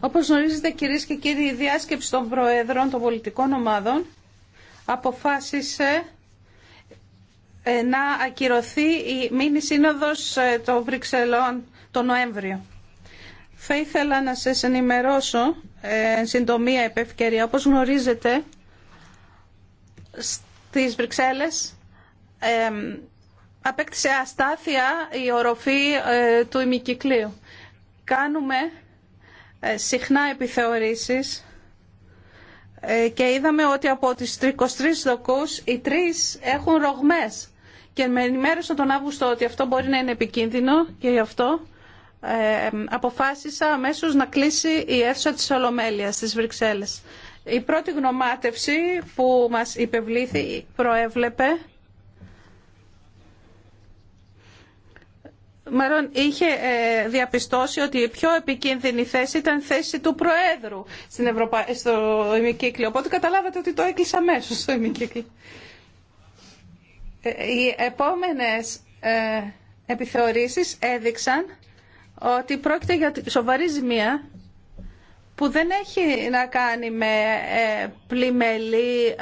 Όπως γνωρίζετε κυρίες και κύριοι, η διάσκεψη των Προέδρων των πολιτικών ομάδων αποφάσισε ε, να ακυρωθεί η μήνυ σύνοδος ε, των Βρυξελών τον Νοέμβριο. Θα ήθελα να σας ενημερώσω ε, εν συντομία επευκαιρία. Όπως γνωρίζετε, στις Βρυξέλλες απέκτησε αστάθεια η οροφή του ημικυκλίου. Κάνουμε ε, συχνά επιθεωρήσεις ε, και είδαμε ότι από τις 23 δοκούς οι τρεις έχουν ρογμές και με ενημέρωσαν τον Αύγουστο ότι αυτό μπορεί να είναι επικίνδυνο και γι' αυτό ε, αποφάσισα αμέσως να κλείσει η αίθουσα της Ολομέλειας στις Βρυξέλλες. Η πρώτη γνωμάτευση που μας υπευλήθη προέβλεπε μάλλον είχε ε, διαπιστώσει ότι η πιο επικίνδυνη θέση ήταν θέση του Προέδρου στην Ευρωπα... στο ημικύκλιο. Οπότε καταλάβατε ότι το έκλεισα αμέσω στο ημικύκλιο. Ε, οι επόμενες ε, επιθεωρήσεις έδειξαν ότι πρόκειται για σοβαρή ζημία που δεν έχει να κάνει με πλημελή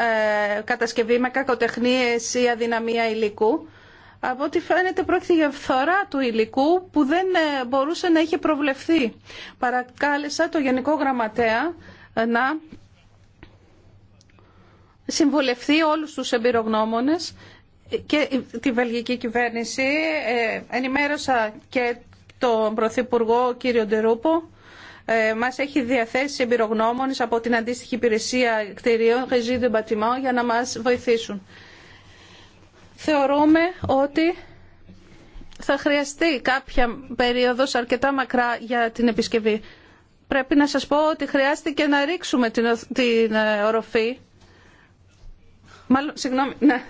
κατασκευή, με κακοτεχνίες ή αδυναμία υλικού από ό,τι φαίνεται πρόκειται για φθορά του υλικού που δεν ε, μπορούσε να είχε προβλεφθεί. Παρακάλεσα το Γενικό Γραμματέα ε, να συμβουλευθεί όλους τους εμπειρογνώμονες και τη βελγική κυβέρνηση. Ε, ενημέρωσα και τον Πρωθυπουργό κύριο Ντερούπο. μας έχει διαθέσει εμπειρογνώμονες από την αντίστοιχη υπηρεσία κτηρίων, για να μας βοηθήσουν θεωρούμε ότι θα χρειαστεί κάποια περίοδος αρκετά μακρά για την επισκευή. Πρέπει να σας πω ότι χρειάστηκε να ρίξουμε την, την ε, οροφή, μάλλον, συγγνώμη, ναι.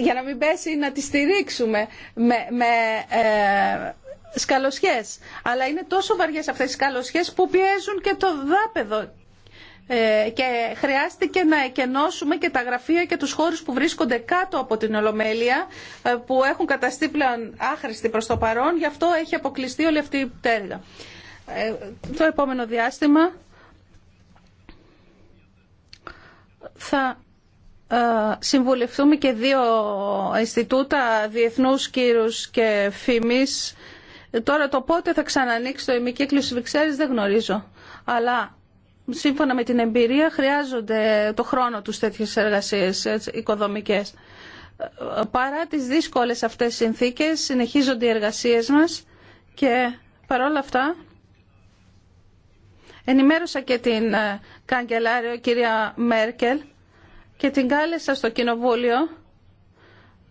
για να μην πέσει να τη στηρίξουμε με, με ε, σκαλοσιές. Αλλά είναι τόσο βαριές αυτές οι σκαλοσιές που πιέζουν και το δάπεδο ε, και χρειάστηκε να εκενώσουμε και τα γραφεία και τους χώρους που βρίσκονται κάτω από την Ολομέλεια ε, που έχουν καταστεί πλέον άχρηστοι προς το παρόν γι' αυτό έχει αποκλειστεί όλη αυτή η πτέρυγα. Ε, το επόμενο διάστημα θα συμβουλευτούμε και δύο Ινστιτούτα Διεθνούς Κύρους και Φήμης. Τώρα το πότε θα ξανανοίξει το ημικύκλιο στις δεν γνωρίζω. Αλλά σύμφωνα με την εμπειρία χρειάζονται το χρόνο τους τέτοιες εργασίες έτσι, οικοδομικές. Παρά τις δύσκολες αυτές συνθήκες συνεχίζονται οι εργασίες μας και παρόλα αυτά ενημέρωσα και την ε, καγκελάριο κυρία Μέρκελ και την κάλεσα στο Κοινοβούλιο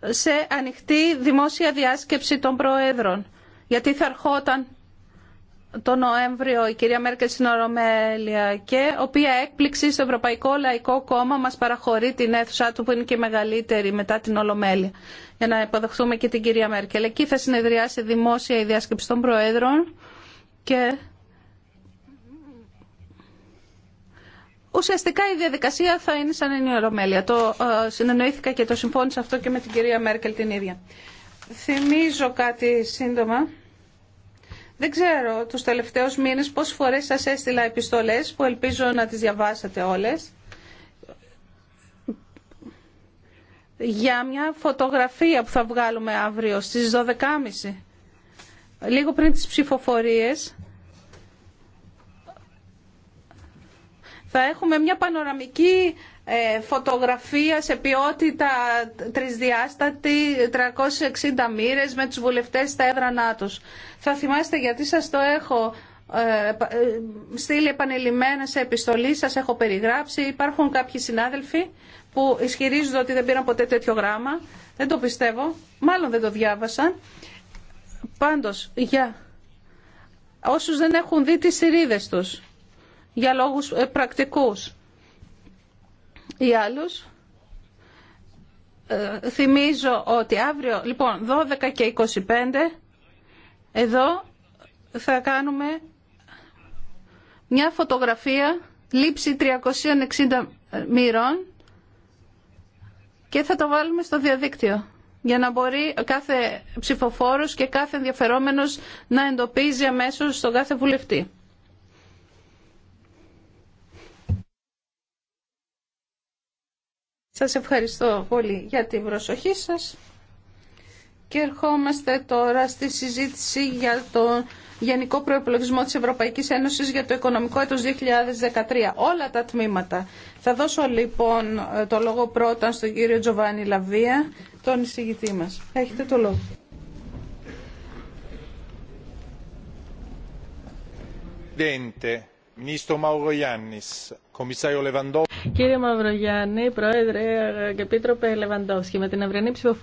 σε ανοιχτή δημόσια διάσκεψη των Προέδρων γιατί θα ερχόταν το Νοέμβριο η κυρία Μέρκελ στην Ορομέλεια και οποία έκπληξη στο Ευρωπαϊκό Λαϊκό Κόμμα μας παραχωρεί την αίθουσά του που είναι και μεγαλύτερη μετά την Ολομέλεια για να υποδεχθούμε και την κυρία Μέρκελ. Εκεί θα συνεδριάσει δημόσια η διάσκεψη των Προέδρων και ουσιαστικά η διαδικασία θα είναι σαν είναι η Ορομέλεια. Το ε, συνεννοήθηκα και το συμφώνησα αυτό και με την κυρία Μέρκελ την ίδια. Θυμίζω κάτι σύντομα. Δεν ξέρω τους τελευταίους μήνες πόσες φορές σας έστειλα επιστολές που ελπίζω να τις διαβάσατε όλες. για μια φωτογραφία που θα βγάλουμε αύριο στις 12.30 λίγο πριν τις ψηφοφορίες θα έχουμε μια πανοραμική ε, φωτογραφία σε ποιότητα τρισδιάστατη, 360 μοίρες με τους βουλευτές στα έδρανά τους. Θα θυμάστε γιατί σας το έχω ε, ε, στείλει επανειλημμένα σε επιστολή, σας έχω περιγράψει. Υπάρχουν κάποιοι συνάδελφοι που ισχυρίζονται ότι δεν πήραν ποτέ τέτοιο γράμμα. Δεν το πιστεύω. Μάλλον δεν το διάβασαν. Πάντως, για όσους δεν έχουν δει τις σειρίδες τους, για λόγους πρακτικούς ή άλλου, ε, θυμίζω ότι αύριο, λοιπόν, 12 και 25, εδώ θα κάνουμε μια φωτογραφία λήψη 360 μοίρων και θα το βάλουμε στο διαδίκτυο για να μπορεί κάθε ψηφοφόρος και κάθε ενδιαφερόμενος να εντοπίζει αμέσως τον κάθε βουλευτή. Σας ευχαριστώ πολύ για την προσοχή σας και ερχόμαστε τώρα στη συζήτηση για το Γενικό Προεπολογισμό της Ευρωπαϊκής Ένωσης για το οικονομικό έτος 2013. Όλα τα τμήματα. Θα δώσω λοιπόν το λόγο πρώτα στον κύριο Τζοβάνι Λαβία, τον εισηγητή μας. Έχετε το λόγο. Presidente, Ministro Mauro Κύριε Μαυρογιάννη, Πρόεδρε και Επίτροπε Λεβαντόφσκι, με την αυριανή ψηφοφορία